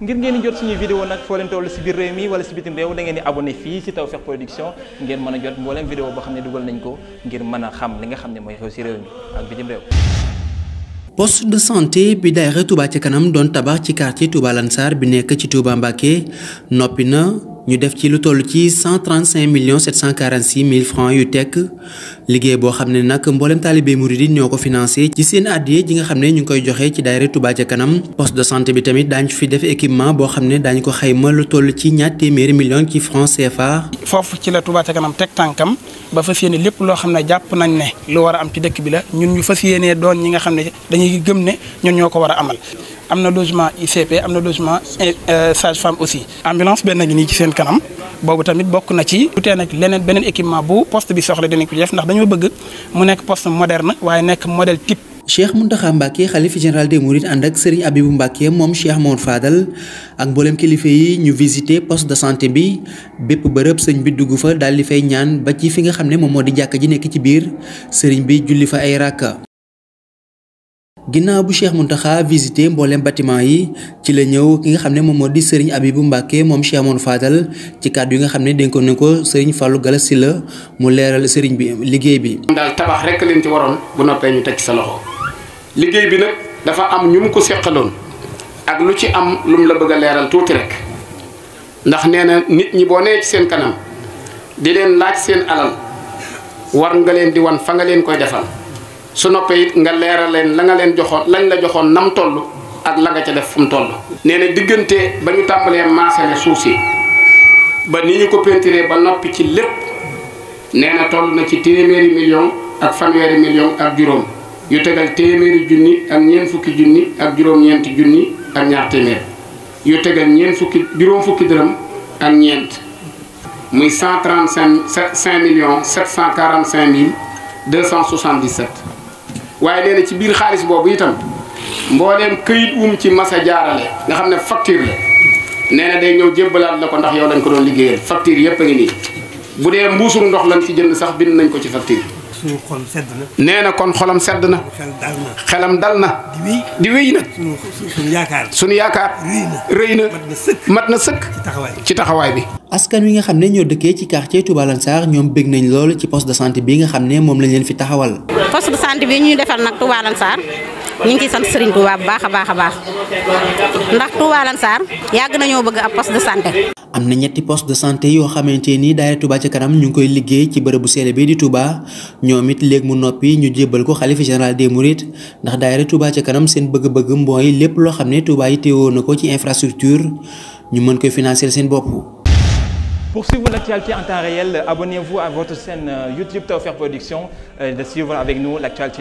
ngir ngeen di jot suñuy vidéo nag foo leen toll si biir réew mi wala si bitim réew da ngeen di abonné fii si Tawfekh Production ngeen mën a jot mbooleem vidéo boo xam ne dugal nañ ko ngir mën a xam li nga xam ne mooy xew si réew mi ak bitim réew poste de santé bi daayira Touba ci kanam doon tabax ci quartier Touba Lansar bi nekk ci Touba Mbacké noppi na ñu def ci lu toll ci 135 millions 746 mille francs yu tekk liggéey boo xam ne nag mboolem taalibe murid ñoo ko financé ci seen addiye ji nga xam ne ñu ngi koy joxe ci daayira Touba a kanam poste de santé bi tamit daañu fi def équipement boo xam ne daañ ko xayma lu toll ci ñaar téeméeri millions ci francs CFA. foofu ci la Touba ca kanam teg tànkam ba fas yéene lépp loo xam ne jàpp nañ ne lu war a am ci dëkk bi la ñun ñu fa yéenee doon ñi nga xam ne dañuy gëm ne ñun ñoo ko war a amal. am na logement ICP am na logement euh, euh, sage femme aussi. ambulance benn ngi nii ci seen kanam boobu tamit bokk na ci. bu tee leneen beneen équipement bu post bi soxla dinañ ko def ndax dañoo bëgg mu nekk poste moderne waaye nekk modèle type. cheikh Mountakha Mbacké xalif général des mourides ànd ak Serigne Abibou Mbacké moom cheikh Maodo Fadal ak mboolem kilifa yi ñu visité poste de santé bi bépp bërëb sëñ bi dugg fa daal di fay ñaan ba ci fi nga xam ne moom moo di jàkka ji nekk ci biir sëriñ bi julli fa ay ràkka ginnaaw bu Cheikh Mountakha visité mboolem bâtiment yi ci la ñëw ki nga xam ne moom moo di ab Serigne bu Mbacke moom Cheikh Amadou Fadal ci kàddu yi nga xam ne dénkoon na ko Serigne Fallou Galass la mu leeral Serigne bi liggéey bi. moom daal rek leen ci waroon bu noppee ñu teg sa liggéey bi nag dafa am ñu mu ko seqaloon ak lu ci am lu mu la bëgg a leeral tuuti rek ndax nee na nit ñi boo nee ci seen kanam di leen laaj seen alal war nga leen di wan fa nga leen koy defal. su noppee it nga leeral leen la nga leen joxoon lañ la joxoon nam toll ak la nga ca def fu mu toll. nee na diggante ba ñu tàmbalee maasale suuf si ba ni ñu ko peinturé ba noppi ci lépp nee na na ci téeméeri million ak fanweeri million ak juróom yu tegal téeméeri junni ak ñeent fukki junni ak juróom-ñeenti junni ak ñaar téeméer yu tegal ñeent fukki juróom fukki dërëm ak ñeent. muy cent trente cinq millions sept cent quarante cinq mille deux cent soixante dix sept waaye nee na ci biir xaalis boobu itam mbooleem këyit wum ci masa jaarale nga xam ne facture la nee na day ñëw jébbalaat la ko ndax yow lañ ko doon liggéeyal facture yëpp a ngi nii bu dee mbuusum ndox lañ ci jënd sax bind nañ ko ci facture suñu xol sedd na. na kon xolam sedd na. na. xelam dal na. di wéy di wéy yaakaar. suñu yaakaar. rëy na mat na sëkk. ci taxawaay bi ci taxawaay bi. askan wi nga xam ne ñoo dëkkee ci quartier Touba Lansar ñoom bëgg nañ lool ci poste de santé bi nga xam ne moom lañ leen fi taxawal. poste de santé bi ñu defal nag Touba Lansar ñu ngi ciy sant bu baax a baax a baax ndax Touba yàgg nañoo bëgg ab poste de santé. na ñetti poste de santé yoo xamante ni daayira Touba ca kanam ñu ngi koy liggéey ci bërëbu seele bi di Touba ñoom it léegi mu noppi ñu jébbal ko xalifa général des Mourides ndax daayira Touba ca kanam seen bëgg-bëgg mooy lépp loo xam ne Touba yi teewoo na ko ci infrastructure ñu mën koy financer seen bopp. Pour suivre l'actualité en temps réel, abonnez-vous à votre chaîne euh, YouTube Tawfekh Production euh, et de suivre avec nous l'actualité